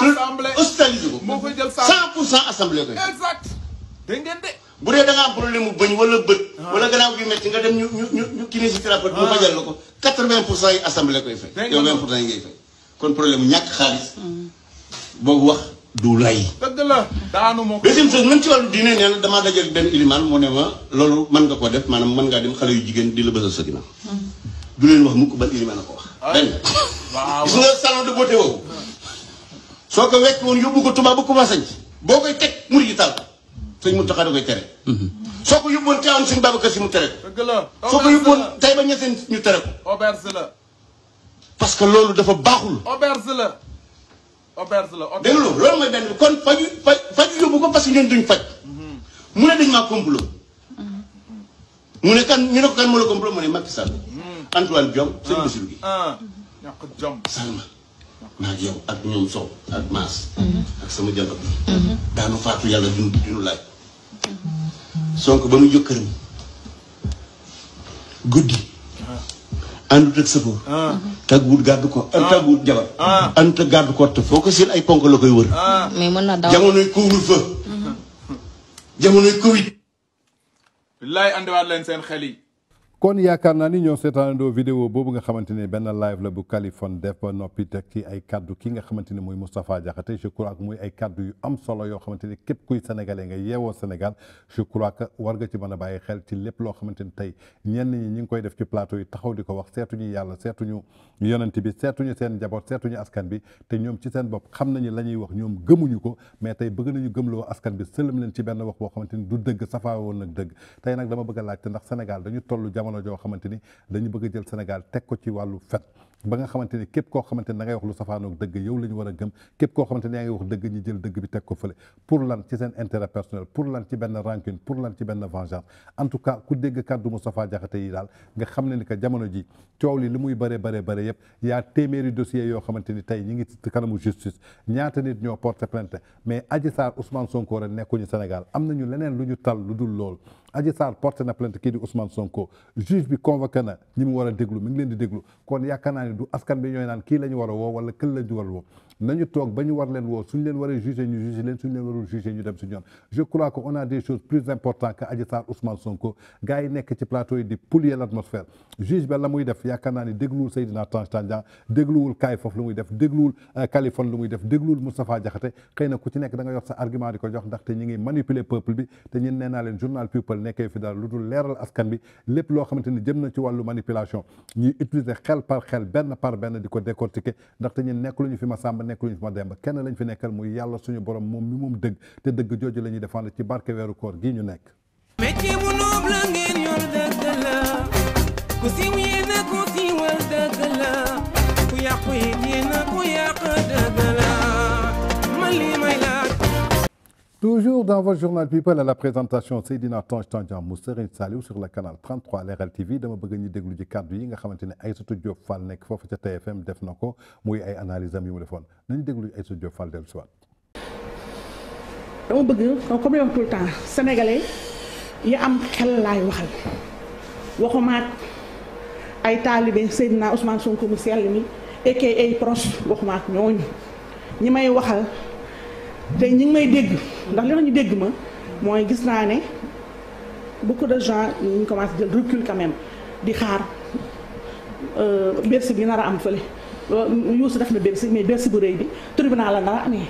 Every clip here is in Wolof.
assemblée hospitalisé ko. moo koy jël cent pour cent assemblée koy. exact dégg bu dee da nga am problème mu bëñ wala bët. Ah. wala gannaaw bi métti nga dem ñu ñu ñu ñu kinésithérapeute mu ah. fajal la ko quatre-vingts pour cent yi assemblée koy fay. dégg nga yow vingt pour cent yi ngay fay kon problème mu ñàkk xaalis. boobu wax du lay. dëgg la daanu moo ko. deuxième chose man ci wàllu diine nee na damaa benn ilimaan mu ne loolu mën nga ko def maanaam mën ngaa dem xale yu jigéen di la bësal sa ginnaaw. Hmm. du leen wax mukk ban ilimaan a ko wax. benn gis nga salon de beauté woowu soo ko wekk woon yóbbu ko Tuubaa ko ma boo koy teg murid yi taal ko sëñ Muntaxa da koy tere mhm. soo ko yóbboon mu tere ko soo ko yóbboon Tayba ñu tere ko auberge parce que loolu dafa baaxul auberge la auberge la dégg nga loolu mooy benn kon faju faj faju yóbbu ko parce que ñun duñ faj mhm. mu ne dañ maa complot mhm. mu ne kan ñu ne ko kan moo la complot mu ne Macky Sall Antoine Diome sëñ ah. Bassirou Guèye ah. Salma maag yow ak ñoom sow ak maas mm-hmm. ak sama jëlab mm-hmm. daanu faatu yàlla duñu duñu laaj sonk ba mu jóg këram guddi ah. àndut ak sëfoor ah. mm-hmm. tàgguwut gàddu ko ah. tàgguwut jabar àndut ak gàddu ko te foo ko seen ay ponk la koy wër mais mën na daw jamonoy couvre-feu jamonoy covid billaay andiwaat leen seen xel yi kon yaakaar naa ni ñoo seetaanandoo vidéo boobu nga xamante ne benn live la bu Kaliphone def ba noppi teg ci ay kaddu ki nga xamante ne mooy Moustapha Diakhaté je crois que muy ay kaddu yu am solo yoo xamante ne képp kuy sénégalais nga yeewoo Sénégal je crois que war nga ci mën a bàyyi xel ci lépp loo xamante ni tey ñenn ñi ñu ngi koy def ci plateau yi taxaw di ko wax seetuñu yàlla seetuñu yonent bi seetuñu seen njaboot seetuñu askan bi te ñoom ci seen bopp xam nañ la ñuy wax ñoom gëmuñu ko mais tey bëgg nañu gëmloo askan bi leen ci benn wax boo xamante ni du dëgg safaa woon nag dëgg tey nag dama bëgg a laaj te ndax Sénégal jamono joo xamante ni dañu bëgg a Sénégal teg ko ci wàllu fen ba nga xamante ni képp koo xamante ni da ngay wax lu safaanoog dëgg yow la ñu war a gëm képp koo xamante ni yaa wax dëgg ñu jël dëgg bi teg ko fële pour lan ci seen intérêt lan ci benn rancune pour lan ci benn vengeance en tout cas ku dégg kàddu Moustapha Diakhaté yi daal nga xam ne ni que jamono ji coow li li muy bëree bëree bëri yëpp yaa téeméeri dossiers yoo xamante ni tey ñi ngi ci kanamu justice ñaata nit ñoo porté plainte mais Adji Sarr Ousmane Sonko rek nekkuñu Sénégal am nañu leneen lu ñu tal lu dul lool Adji Sarr porté na plainte kii di Ousmane Sonko juge bi convoqué na ñi mu war a déglu mi ngi leen di déglu kon yaakaar naa ne du askan bi ñooy naan ki la ñu war a woo wala kël la ñu war nañu toog ba ñu war leen woo suñ leen waree jugé ñu jugé leen suñ leen warul jugé ñu dem suñ yoon je crois que on a des choses plus importantes que Adji Sarr Ousmane Sonko gars yi nekk ci plateau yi di polluer l'atmosphère juge ba la muy def yaakaar naa ni dégluwul Seydina Tange Tandian dégluwul Kaay Fof lu muy def dégluwul euh, Kaliphone lu muy def dégluwul Moustapha Diakhaté xëy na ku ci nekk da nga yor sa argument di ko jox ndaxte ñi ngi manipuler peuple bi te ñun nee naa leen journal People nekkee fi dara lu dul leeral askan bi lépp loo xamante ni jëm na ci wàllu manipulation ñuy utiliser xel par xel benn par benn di ko décortiquer ndaxte ñun nekk lu ñu fi ma sàmb nekkuñu fi ma ba kenn lañu fi nekkal muy yàlla suñu borom moom mi moom dëgg te dëgg jooju la ñuy défendre ci barke weeru koor gii ñu nekk. Toujours dans votre journal People à la présentation Seydina Tange Tandian mu Serigne Saliou sur le canal 33 Leral TV dama bëgg ñu déglu ci kàddu yi nga xamante ne Aïssatou Diop Fall nekk foofu ca TFM def na ko muy ay analyse am yu mu defoon nañu déglu Aïssatou Diop Fall dellu si waat. dama bëgg comme yow tout le yi am xel laay waxal waxumaat ay taalibe Seydina Ousmane Sonko mu sell mi et ay proche waxumaat ñooñu ñi may waxal. te ñi ngi may dégg ndax li tax dégg ma mooy gis naa ne beaucoup de gens ñu ngi jël recul quand di xaar euh, Bercy bi nar a am fële euh, Youssou def na Bercy mais bu rëy bi tribunal la nar a amee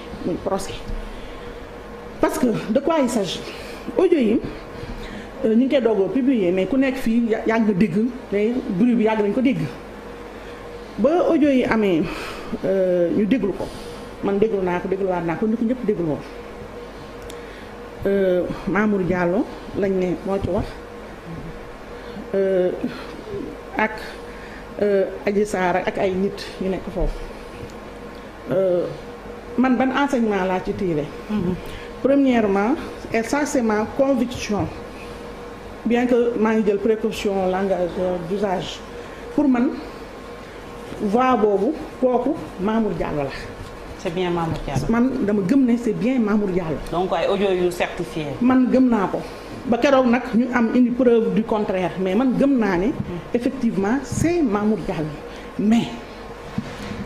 parce que de quoi il s'agit audio yi euh, ñu ngi koy doogoo publier mais ku nekk fii yàgg nga dégg te bruit bi yàgg nañu ko dégg ba ojo yi amee ñu déglu ko man déglu naa ko dégluwaat naa ko ni ko ñëpp euh, dégloo Mamour Diallo lañ ne moo ci wax euh, ak euh, Adji Sarr ak ay nit ñu nekk foofu man ban enseignement laa ci tiire premièrement et ça c'est conviction bien que maa ngi jël précaution langage d'usage pour man voix boobu kooku Mamour Diallo la c'est bien Mamour man dama gëm ne c'est bien Mamour Diallo. donc ay audio yu certifié. man gëm naa ko ba keroog nag ñu am une preuve du contraire mais man gëm naa ne. effectivement c'est Mamour Diallo mais.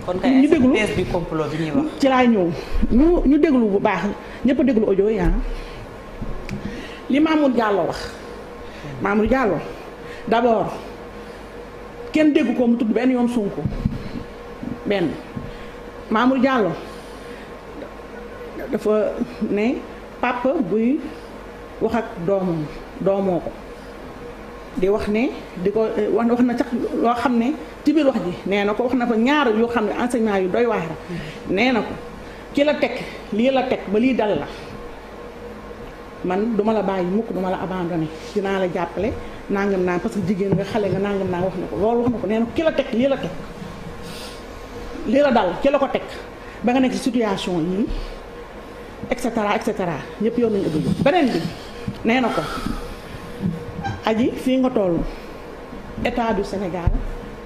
kon kay ñu déglu bi complot ñuy wax. ci laa ñëw ñu ñu déglu bu baax ñëpp déglu ojo yi ah. li Mamour Diallo wax Mamour Diallo d'abord kenn dégg ko mu tudd benn yoon Sonko benn Mamour Diallo dafa ne papa buy wax ak doomam doomoo ko di wax ne di ko eh, wax wax na sax loo xam ne ci biir wax ji nee na ko wax na ko ñaar yoo xam ne enseignement yu doy waar nee na ko ki la teg lii la teg ba lii dal la man duma la bàyyi mukk duma la abandonné dinaa la jàppale nangam naa parce que jigéen nga xale nga nangam naa wax na ko loolu wax na ko nee na ki la teg la teg lii la dal ki la ko teg ba nga nekk ci situation yii et cetera et cetera ñëpp yoon nañu ubbi beneen bi nee na ko aji fii nga toll état du Sénégal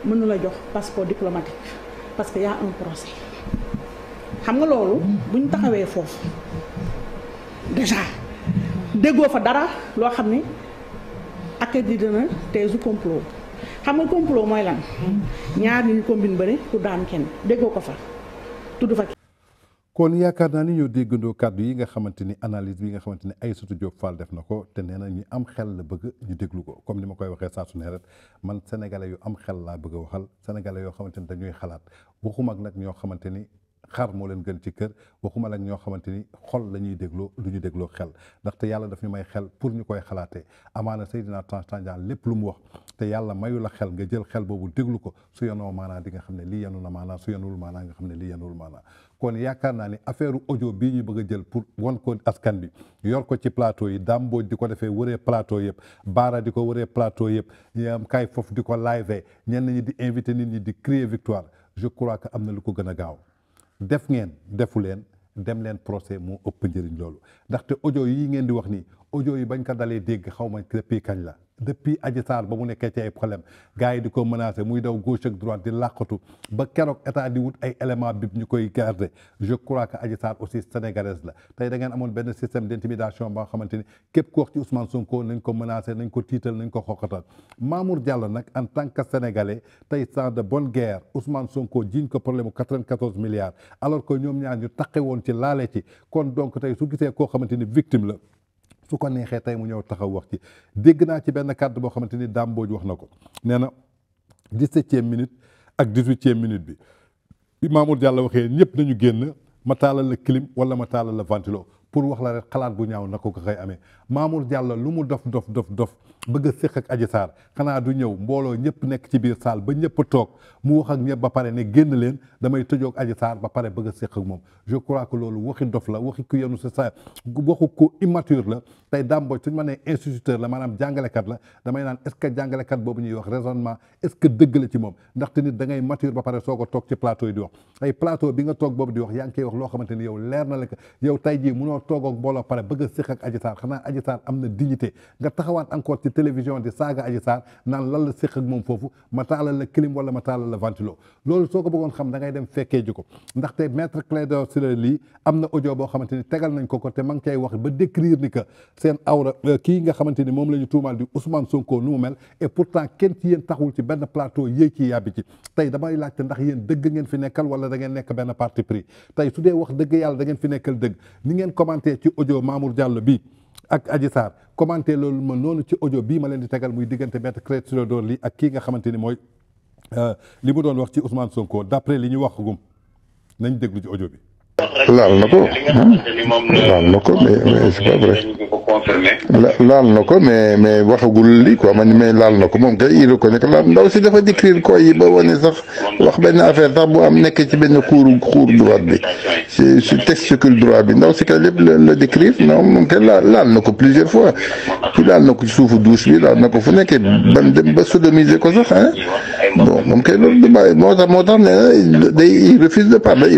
mënu la jox passeport diplomatique parce que y un procès xam nga loolu bu taxawee foofu déjà déggoo fa dara loo xam ni ak di dina teesu complot xam nga complot mooy lan ñaar ni ñu combine bëri pour daan kenn déggoo ko fa tudd fa kon yaakaar naa ni ñoo déggandoo kàddu yi nga xamante ni analyse bi nga xamante ni sutu Diop Fall def na ko te nee na ñu am xel la bëgg ñu déglu ko comme ni ma koy waxee saa nee rek man sénégalais yu am xel laa bëgg a waxal sénégalais yoo xamante ni dañuy xalaat waxuma ak nag ñoo xamante ni xar moo leen gën ci kër waxuma nag ñoo xamante ni xol la ñuy dégloo lu ñu dégloo xel ndaxte yàlla daf ñu may xel pour ñu koy xalaatee amaana Seydina Tange Tandian lépp lu mu wax te yàlla mayu la xel nga jël xel boobu déglu ko su yenoo maanaa di nga xam ne lii yenu na maanaa su yenuwul maanaa nga xam ne lii yenuwul maanaa kon yaakaar naa ni affaire audio bii ñu bëgg a jël pour won ko askan bi yor ko ci plateau yi Dame di ko defee waree plateau yëpp Baara di ko waree plateau yëpp kay foofu di ko live ñenn ñi di invité nit ñi di créer victoire je crois que am na lu ko gën a gaaw def ngeen defu leen dem leen procès moo ëpp njëriñ loolu ndaxte audio yi ngeen di wax nii audio yi bañ ko dalee dégg xaw ma depuis kañ la depuis Adji Sarr ba mu nekkee ci ay problème gars yi di ko menacé muy daw gauche ak droite di làqatu ba keroog état di wut ay élément bi ñu koy garder je crois que Adji Sarr aussi sénégalaise la tey da ngeen amoon benn système d' intimidation ba nga xamante ni képp ku wax ci Ousmane Sonko nañ ko menacé nañ ko tiital nañ ko xoqatal Mamour Diallo nag en tant que sénégalais tey sans de bonne guerre Ousmane Sonko jiñ ko problème mu 94 milliards alors que ñoom ñaar ñu taqe woon ci laale ci kon tey su gisee koo xamante ni victime la su ko neexee tey mu ñëw taxaw wax ci dégg naa ci benn kàddu boo xamante ni Dame wax na ko nee na dix-septième ak dix-huitième minute bi bi Mamour Diallo waxee ñëpp nañu génn ma taalal la clim wala ma taalal la ventilo pour wax la rek xalaat bu ñaaw na ko ko koy amee Mamour Diallo lu mu dof dof dof dof bëgg a ak Adji Sarr xanaa du ñëw mbooloo ñëpp nekk ci biir saal ba ñëpp toog mu wax ak ñëpp ba pare ne génn leen damay tëjoog Adji Sarr ba pare bëgg a séq moom je crois que loolu waxi dof la waxi ku yenu la tey ma nee instituteur la maanaam jàngalekat la damay naan est-ce que jàngalekat boobu ñuy wax raisonnement est-ce que dëgg la ci moom ndaxte nit da ngay mature ba pare soo ko toog ci plateau yi di wax tey plateau bi nga toog boobu di wax yaa ngi koy wax loo xamante ni yow leer na la yow toog ak pare bëgg a séq ak Adji Sarr xanaa Adji am na dignité nga taxawaat encore ci télévision di saaga Adji naan lan la moom foofu ma taalal la clim wala ma taalal la ventilo loolu soo ko bëggoon xam da ngay dem fekkee ji ko ndaxte maître Clédor Ciré Ly am na audio boo xamante ni tegal nañ ko ko te ma ngi cay wax ba décrire ni que seen awra euh, kii nga xamante moom la ñu tuumaal di Ousmane Sonko nu mu mel et pourtant kenn ci yéen taxul ci benn plateau yéeg ci yàbbi ci tey damay laajte ndax yéen ngeen fi nekkal wala da ngeen nekk benn parti pris tey su dee wax dëgg yàlla fi nekkal dëgg ni commenté ci audio Mamour Diallo bi ak Adji Sarr commenté loolu ma noonu ci audio bii ma leen di tegal muy diggante Maître Clédor Ciré Ly ak kii nga xamante ni mooy euh, li mu doon wax ci Ousmane Sonko d'après li ñu wax gum nañ déglu ci audio bi. laal na ko laal na ko mais mais c'est pas vrai laal na ko mais mais waxagul li quoi man mais laal na ko moom kay il reconnaît que laal ndaw si dafa décrire ko yi ba wane sax wax benn affaire sax bu am nekk ci benn xuuru xuur droite bi si si testicule bi ndaw si kay lépp la la décrire non moom laal laal na ko plusieurs fois ci laal na ko ci suufu douche bi laal na ko fu nekkee ban dem ba sodomiser ko sax hein bon moom kay loolu du bàyyi moo tax moo tax nee de parler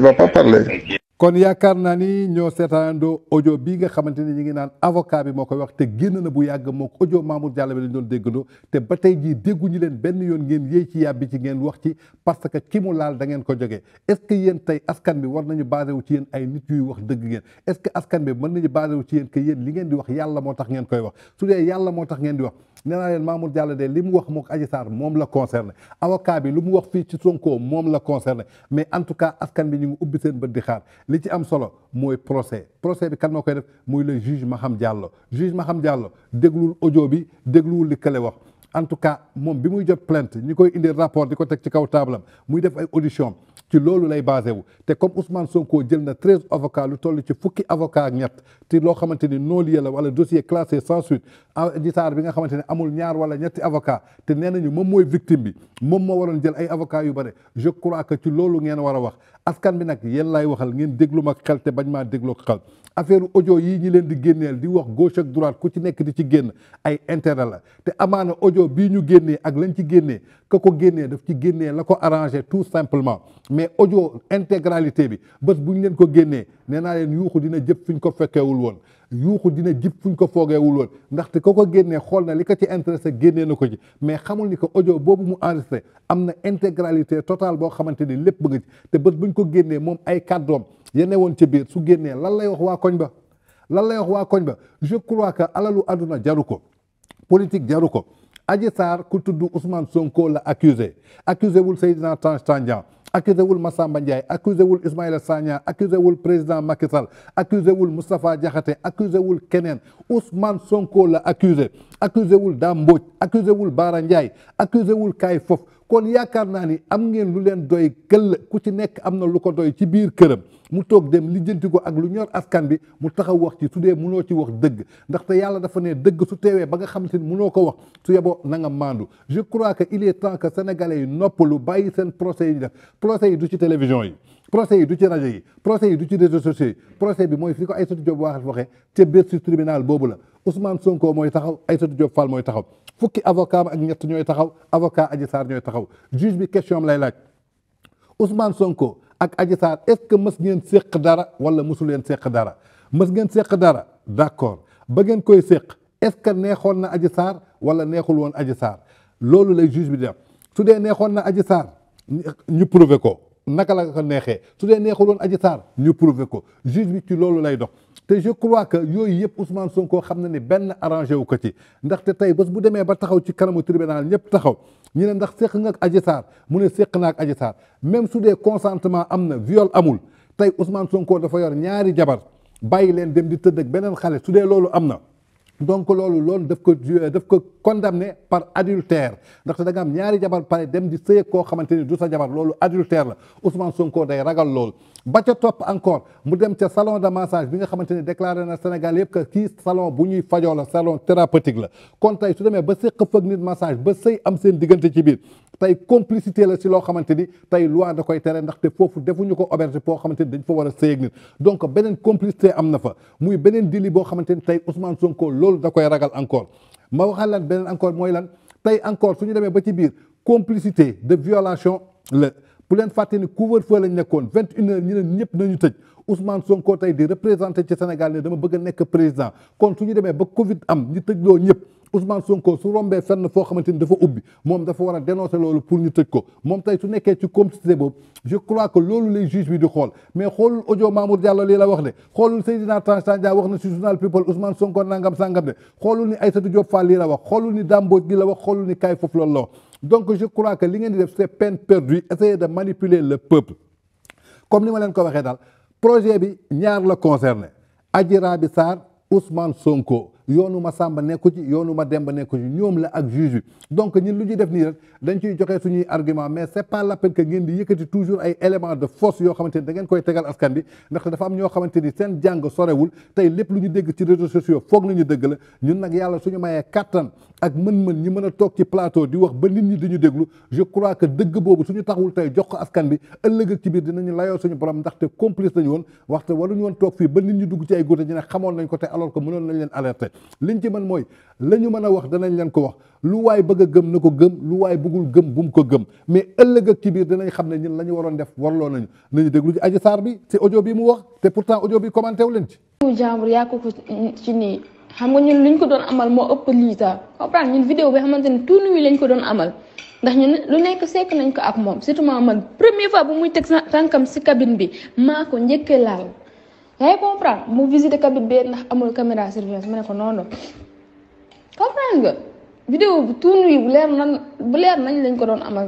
il kon yaakaar naa ni ñoo seetaandoo audio bii nga xamante ni ñu ngi naan avocat bi moo koy wax te génn na bu yàgg mook audio Mamour Diallo bi lañ doon déggandoo te ba tey jii dégguñu leen benn yoon ngeen yéey ci yàbbi ci ngeen wax ci parce que ki mu laal da ngeen ko jógee est ce que yéen tey askan bi war nañu basé wu ci yéen ay nit yuy wax dëgg ngeen est ce que askan bi mën nañu basé wu ci yéen que yéen li ngeen di wax yàlla moo tax ngeen koy wax su dee yàlla moo tax ngeen di nee naa leen Mamour Diallo de li mu wax a Adji Sarr moom la concerné avocat bi lu mu wax fii ci Sonko moom la concerné mais en tout cas askan bi ñu ngi ubbi seen bët di xaar li ci am solo mooy procès procès bi kan moo koy def muy le juge Maham Diallo juge Maham Diallo dégluwul audio bi dégluwul li kële wax en tout cas moom bi muy jot plainte ñi koy indi rapport di ko teg ci kaw taabalam muy def ay audition ci loolu lay basé wu te comme Ousmane Sonko jël na treize avocats lu toll ci fukki avocat ak ñett ti loo xamante ni non lié la wala dossier classé sans suite a ah, Sarr bi nga xamante ne amul ñaar wala ñetti avocat te nee nañu moom mooy victime bi moom moo waroon jël ay avocats yu bare je crois que ci loolu ngeen war a wax askan bi nag yéen laay waxal ngeen déglu ma xel te bañ maa dégloo xel affaire audio yii ñi leen di génneel di wax gauche ak ku ci nekk di ci génn ay intérêt la te amaana audio bii ñu génnee ak lañ ci génnee ka ko génnee daf ci génnee la ko arrangé tout simplement mais audio intégralité bi bés bu ñu leen ko génnee nee naa leen yuuxu dina jëpp fi ñu ko fekkewul woon yuuxu dina jib fuñ ko foogeewul woon ndaxte ko ko génnee xool na li ko ci intéressé génnee na ko ci mais xamul ni ko audio boobu mu enregistré am na intégralité totale boo xamante ni lépp bëgg ci te bët buñ ko génnee moom ay kàddoom yene woon ci biir su génnee lan lay wax waa koñ ba lan lay wax waa koñ ba je crois que alalu àdduna jaru ko politique jaru ko Adji Sarr ku tudd Ousmane Sonko la accusé accusé wul Seydina Tange Tandian accusé wul Massamba Ndiaye accusé wul Ismaïla Sagna accusé wul président Macky Sall accusé wul Moustapha Diakhaté accusé wul keneen Ousmane Sonko la accusé accusé wul Dame Mbodj wul Bara Ndiaye accusé wul Kay Fof kon yaakaar naa ni am ngeen lu leen doy këll ku ci nekk am na lu ko doy ci biir këram mu toog dem li jënti ko ak lu ñor askan bi mu taxaw wax ci su dee mënoo ci wax dëgg ndaxte yàlla dafa nee dëgg su teewee ba nga xam te ni mënoo ko wax su yeboo na nga maandu je crois que il est que sénégalais yi noppalu bàyyi seen procès yi def procès yi du ci télévision yi procès yi du ci rajo yi procès yi du ci réseaux sociaux yi procès bi mooy fi ko ay soti job waaxat waxee ca biir tribunal boobu la Ousmane Sonko mooy taxaw Aïssatou Diop Fall mooy taxaw fukki avocat ak ñett ñooy taxaw avocat Adji Sarr ñooy taxaw juge bi question lay laaj Ousmane Sonko ak Adji Sarr est-ce que mës ngeen séq dara wala mësu leen séq dara mës ngeen séq dara d'accord ba ngeen koy séq est-ce que neexoon na Adji Sarr wala neexul woon Adji Sarr loolu lay juge bi def su dee neexoon na Adji Sarr ñu prouver ko naka la ko neexee su dee neexul woon Adji Sarr ñu prouver ko juge bi ci loolu lay dox te je crois que yooyu yëpp Ousmane Sonko xam na ni benn arrangé wu ko ci ndaxte tey bés bu demee ba taxaw ci kanamu tribunal ñëpp taxaw ñu ne ndax séq nga ak Adji mu ne séq naa ak Adji Sarr même su dee consentement am na viole amul tey Ousmane Sonko dafa yor ñaari jabar bàyyi leen dem di tëddak beneen xale su dee loolu am na. donc loolu loolu daf ko daf ko condamné par adultère ndaxte da nga am ñaari jabar pare dem di sëy koo xamante ni du sa jabar loolu adultère la Ousmane Sonko day ragal lool. ba ca topp encore mu dem ca salon de massage bi nga xamante ni déclaré na Sénégal yëpp que kii salon bu ñuy fajoo la salon thérapeutique la kon tey su demee ba séq fëg nit massage ba sëy am seen diggante ci biir tey complicité la si loo xamante ni tey loi da koy tere ndaxte foofu defuñu ko auberge foo xamante ni dañ fa war a sëy ak nit donc beneen complicité am na fa muy beneen délit boo xamante ni tey Ousmane Sonko loolu da koy ragal encore ma waxal lan encore mooy lan tey encore su ñu demee ba ci biir complicité de violation bu leen fàtte ni couvre-feu lañ nekkoon vingt une heures ñu ne ñëpp Ousmane Sonko tey di représenté ci Sénégal ne dama bëgg a nekk président kon su ñu demee ba Covid am ñu tëjloo ñëpp Ousmane Sonko su rombee fenn foo xamante ni dafa ubbi moom dafa war a dénoncer loolu pour ñu tëj ko moom tey su nekkee ci complicité boobu je crois que loolu lay juge bi di xool mais xoolul audio Mamour Diallo lii la wax de xoolul Seydina Tange Tandian wax na si journal People Ousmane Sonko nangam sangam de xoolul ni Aïssatou Diop Fall lii wax xoolul ni Dame Mbodj lii la ni Kay Fof loolu la wax donc crois que li ngeen di def c'est peine perdue essayer de manipuler le peuple comme ni ma leen ko waxee daal projet bi ñaar la concerné Adji Raby Sarr Ousmane Sonko yoonu ma Samba nekku ci yoonu ma Demba nekku ci ñoom la ak juge bi donc ñun lu ñuy def nii rek dañ ciy joxe suñuy argument mais c'est pas la peine que ngeen di yëkkati toujours ay éléments de force yoo xamante ni da koy tegal askan bi ndaxte dafa am ñoo xamante ni seen jàng sorewul tey lép lu ñu dégg ci réseaux sociaux foog nañu dëgg la ñun nag yàlla suñu mayee kattan ak mën-mën ñi mën a toog ci plateau di wax ba nit ñi dañu déglu je crois que dëgg boobu suñu taxawul tey jox askan bi ëllëg ak ci biir dinañu layoo suñu borom ndaxte complice lañu woon waxte waruñu woon toog fii ba nit ñi dugg ci ay góote ñu ne xamoon nañ ko te alors que mënoon nañ leen alerter liñ ci mën mooy la mën a wax danañ leen ko wax lu waay bëgg a gëm na ko gëm lu waay bëggul gëm bu mu ko gëm mais ëllëg ak ci biir dinañ xam ne ñun la ñu waroon def warloo nañu nañu déglu ci bi ci wax te pourtant bi commenté wu leen ci xam nga ñun luñ ko doon amal moo ëpp lii taa comprendre ñun vidéo bi xamante ne tout nuit lañ ko doon amal ndax ñun lu nekk sekk nañ ko am moom surtout man première fois muy teg tànkam si cabine bi maa ko njëkkee laal yaa ngi comprendre mu visité cabine bi ndax amul caméra surveillance ne ko noonu comprendre nga vidéo bi tout bu leer nan bu leer nañ lañ ko doon amal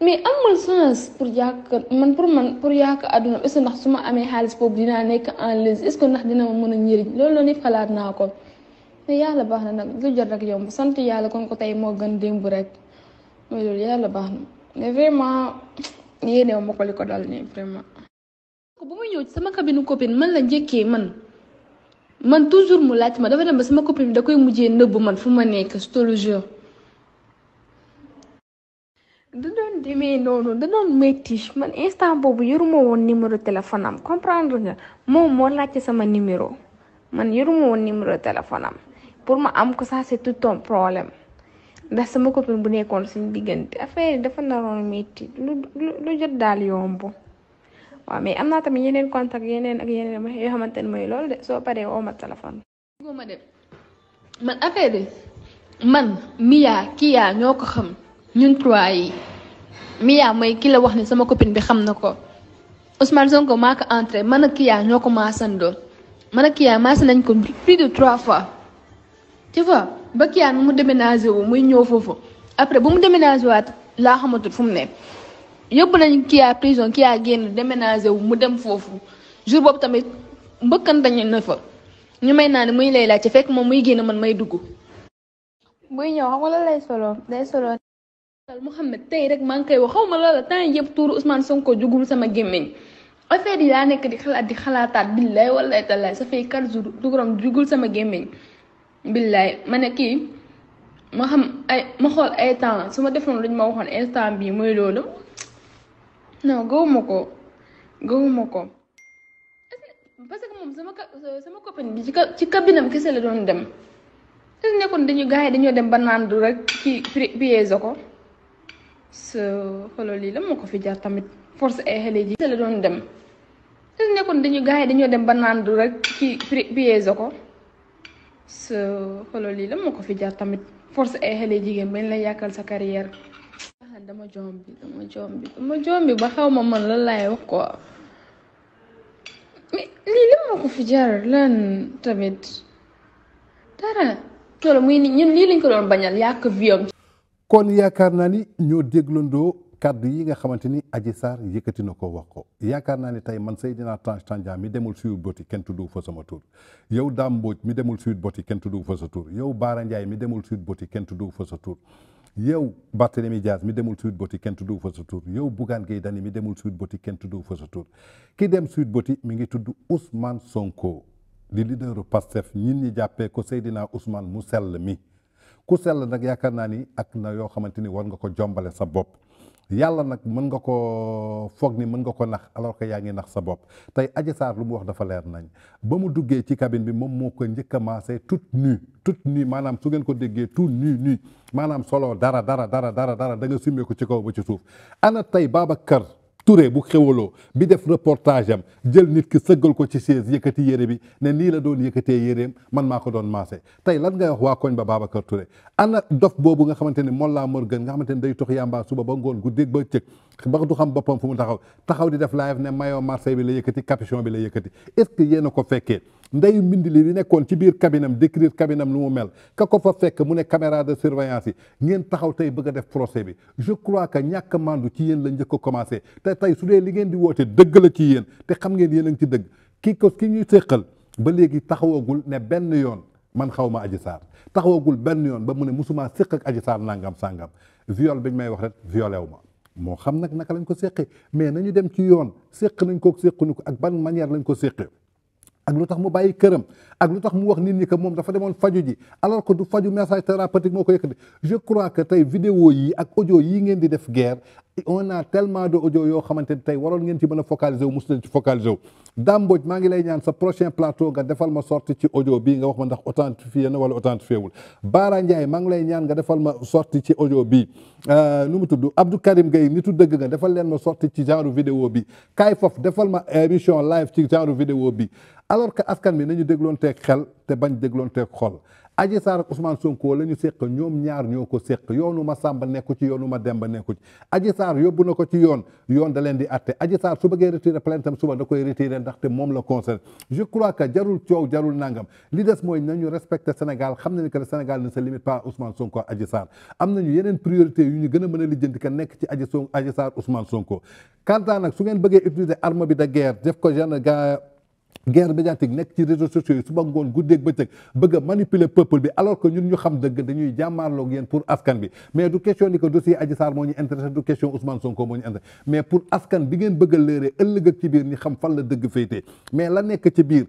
mais amul sens pour yàq man pour man pour yàq àdduna est-ce que su ma amee xaalis boobu dinaa nekk en ligne est-ce que ndax dina ma mën a njëriñ loolu noonu yëpp xalaat naa ko te yàlla baax na nag lu jot rek yomb sant yàlla kon ko moo gën démb rek mooy loolu yàlla vraiment ma ko ko dal vraiment. ba ma ñëw ci sama cabine man la njëkkee man man toujours mu laaj ma dafa ba sama copine da koy mujjee nëbb man fu ma nekk c'est le jour. man instant boobu yoruma woon numéro téléphone am comprendre nga moom moo laajte sama numéro man yoruma woon numéro téléphone am. pour ma am ko sax c'est tout un problème ndax sama copine bu nekkoon suñ diggante affaire yi dafa naroon métti lu lu jot daal yomb waaw mais am naa tamit yeneen contact yeneen ak yeneen yoo xamante ne mooy loolu de soo paree ma téléphone. ma affaire yi man Mia Kia ñoo ko xam ñun trois yi Mia mooy ki wax ni sama copine bi xam na ko Ousmane Sonko maa ko entré man ak Kia ñoo ko maasandoo man ak Kia maasa nañ ko plus de trois fois. tu vois ba ki Kian mu déménagé wu muy ñëw foofu après bu mu déménagé waat laa xamatul fu mu ne yóbbu nañu Kia prison Kia génn déménagé wu mu dem foofu jour boobu tamit mbëkkantañu na fa ñu may naa ne muy lay ci fekk moom muy génn man may dugg. muy ñëw xam nga lan lay solo day solo. Mouhamed tey rek maa ngi koy wax xaw ma loola temps yëpp tuuru Ousmane Sonko jugul sama gémmiñ affaire yi daa nekk di xalaat di xalaataat billaay wallaay tallaay ça fait 4 jugul sama gémmiñ. billaay ma ne kii ma xam ay ma xool ay temps su ma defoon luñ ma waxoon instant bii mooy loolu non gëwuma ko gëwuma ko parce que moom sama sama copine bi ci ci cabinam kese la doon dem te nekkoon dañuy gars yi dañoo dem ba naan du rek kii piège ko sa xoolal lii la ko fi jar tamit force ay xale ji kese doon dem te nekkoon dañu gars yi dañoo dem ba naan du rek kii piège ko so xoolal lii la moo ko fi jaar tamit force ay xale jigéen bañ la yàkkal sa carrière dama joom bi dama joom dama joom ba xaw ma man lan laay wax quoi mais lii la moo ko fi lan tamit dara loolu muy ñun lii lañ ko doon bañal yàq viom kon yaakaar naa ni ñoo déglondoo kaddu yi nga xamante ni Adji Sarr yëkkati na ko wax ko yaakaar naa ne tey man Seydina Tange Tandian mi demul suite boti kenn tuddu fa sama tur yow Dame Mbodj mi demul suite boti kenn tuddu fa sa tur yow Baara Ndiaye mi demul suite boti kenn tuddu fa sa tur yow Barthélémy Dias mi demul suite boti kenn tuddu fa sa tur yow Bougane Gueye Dany mi demul suite boti kenn tuddu fa sa tur ki dem suite boti mi ngi tudd Ousmane Sonko di leaderu Pastef ñin ñi jàppee ko dina Ousmane mu sell mi ku sell nag yaakaar naa ni ak na yoo xamante ni war nga ko jombale sa bopp yàlla nag mën nga ko foog ni mën nga ko nax alors que yaa ngi nax sa bopp tey Adji Sarr lu mu wax dafa leer nañ ba mu duggee ci kabin bi moom moo ko njëkk a maasee toute nue toute nue maanaam su ngeen ko déggee tout nue nue maanaam solo dara dara dara dara dara da nga ko ci kaw ba ci suuf ana tey kër Touré bu xewaloo bi def reportage am jël nit ki sëggal ko ci chaise yëkkati yére bi ne nii la doon yëkkatee yéreem man maa ko doon maase tey lan ngay wax waa koñ ba Babacar Touré ana dof boobu nga xamante ne Mollah Morgun nga xamante ne day tox yàmbaa suba ba ngoon guddeeg ba cëg ba du xam boppam fu mu taxaw taxaw di def live ne maillot Marseille bi la yëkkati capuchon bi la yëkkati est-ce a ko fekkee ndeyu mbind li li nekkoon ci biir cabinam décrire cabinam lu mu mel ka ko fa fekk mu ne caméra de surveillance yi ngeen taxaw tey bëgg a def procès bi je crois que ñàkk mandu la njëkk commencé tey su dee li ngeen di woote dëgg la ci yéen te xam ngeen yéen a ci dëgg ki ko ki ñuy séqal ba léegi taxawagul ne benn yoon man xaw ma Adji Sarr taxawagul benn yoon ba mu ne musuma séq ak Adji Sarr nangam sangam viol bi ñu may wax rek violé ma moo xam nag naka lañ ko séqee mais nañu dem ci yoon séq nañ ko séquñu ko ak ban manière lañ ko séqee ak lu tax mu bàyyi këram ak lu tax mu wax nit ñi que moom dafa demoon faju ji alors du faju message thérapeutique moo ko yëkkati je crois que tey vidéo yi ak ngeen di def guerre on tellement de audio yoo xamante ne tey waroon ngeen ci mën a focaliser wu mos leen ci focaliser wu Dame maa ngi lay ñaan sa prochain plateau nga defal ma sortie ci audio bii nga wax ma ndax authentifié na wala authentifié wul Baara Ndiaye maa ngi lay ñaan nga defal ma sorti ci audio bii euh, nu mu tudd Abdou Karim Gueye nitu dëgg nga defal leen ma sorti ci genre vidéo bi Kay Fof defal ma émission live ci genre vidéo bi alors que askan bi nañu dégloon teeg xel te bañ dégloon teeg xol Adji saar ak Ousmane Sonko la ñu séq ñoom ñaar ñoo ko séq yoonu ma Samba nekku ci yoonu ma dem Demba nekku ci Adji Sarr yóbbu na ko ci yoon yoon da leen di atte Adji Sarr su bëggee retirer plainte am suba da koy retirer ndaxte moom la concerne je crois que jarul coow jarul nangam li des mooy ñu respecté Sénégal xam nañu que le Sénégal ne se limite pas Ousmane Sonko ak Adji Sarr am nañu yeneen priorité yu ñu gën a mën a lijjanti que nekk ci Adji Adji Sarr Ousmane Sonko quant à nag su ngeen bëggee utiliser arme bi de guerre def ko genre guerre médiatique nekk ci réseaux sociaux yi suba ngoon guddeeg bëccëg bëgg a manipuler peuple bi alors que ñun ñu xam dëgg dañuy jàmmaarloog yéen pour askan bi mais du question ni que dossier Adji Sarr moo ñu intéressé du question Ousmane Sonko moo ñu intéressé mais pour askan bi ngeen bëgg a léeree ëllëg ak ci biir ñi xam fan la dëgg féetee mais la nekk ci biir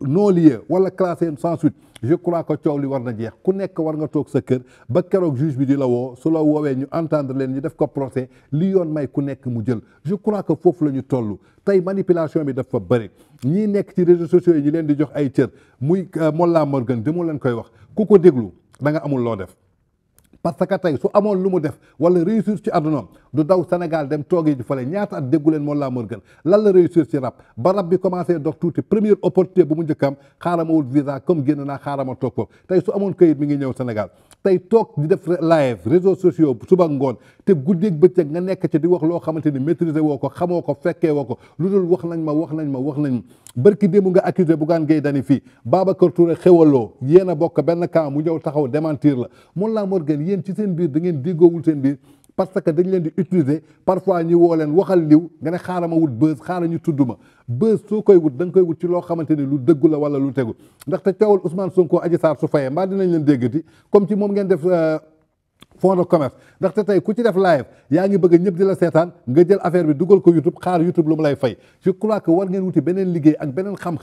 non lieu wala classé sans suite je crois que coow li war na jeex ku nekk war nga toog sa kër ba keroog juge bi di la woo su la woowee ñu entendre leen ñu def ko procès li yoon may ku nekk mu jël je crois que foofu la ñu toll tey manipulation bi dafa bëri ñii nekk ci réseaux sociaux yi ñu leen di jox ay cër muy euh, Mollah Morgan di mu leen koy wax ku ko déglu da nga amul loo def parce que tey su amoon lu mu def wala réussir ci àdduna du daw Sénégal dem toogee ji fale ñaata at déggu leen moom laa mërgën lan la réussir ci rap ba rap bi commencé dox tuuti première opportunité bu mu njëkkam xaaral ma wut visa comme génn naa xaarama ma toog tey su amoon këyit mi ngi ñëw Sénégal tey toog di def live réseaux sociaux suba ngoon te guddeeg bëccëg nga nekk ci di wax loo xamante ni maîtriser woo ko xamoo ko fekkee woo ko lu dul wax nañ ma wax nañ ma wax nañ ma barki démb nga accusé Bougane Gueye Dany fii Babacar Touré xewaloo yéen bokk benn camp mu ñëw taxaw demantir la Mollah Morgun yéen ci seen biir da ngeen déggoowul seen biir parce que dañ leen di utiliser parfois ñu woo leen waxal liw nga ne xaaral ma wut bës xaaral ñu tudd ma bës soo koy wut da nga koy wut ci loo xamante ni lu dëggu la wala lu tegu ndaxte teewul Ousmane Sonko Adji Sarr su fayee mbaa dinañ leen dégg déggati comme ci moom ngeen def euh, fond de commerce ndaxte tey ku ci def live yaa ngi bëgg ñëpp di la seetaan nga jël affaire bi dugal ko YouTube xaar YouTube lu mu lay fay je crois que war ngeen wuti beneen liggéey ak beneen xam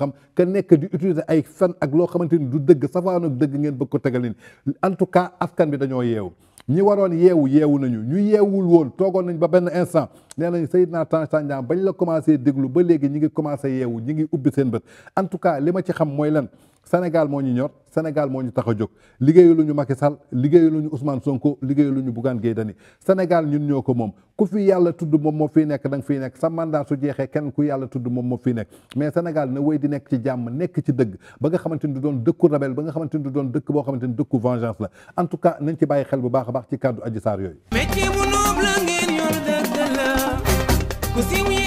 nekk di ay fen ak loo xamante ni du dëgg safaan dëgg ngeen bëgg ko tegal en tout cas askan bi dañoo yeewu ñi waroon yeewu yeewu nañu ñu yeewul woon toogoon nañ ba benn instant nee nañ Seydina Tange Tandian bañ la commencé déglu ba léegi ñi ngi commencé yeewu ñi ngi ubbi seen bët en tout cas li ma ci xam mooy lan Sénégal moo ñu ñor Sénégal moo ñu tax a jóg liggéeyu lu ñu Macky Sall liggéeyu lu ñu Ousmane Sonko liggéeyu lu ñu Bougane Gueye Dany Sénégal ñun ñoo ko moom ku fi yàlla tudd moom moo fiy nekk da nga fiy nekk sa mandat su jeexee kenn ku yàlla tudd moom moo fiy nekk mais Sénégal na wéy di nekk ci jàmm nekk ci dëgg ba nga xamante ni du doon dëkku rabel ba nga xamante ni du doon dëkk boo xamante ni dëkku vengeance la en tout cas nañ ci bàyyi xel bu baax a baax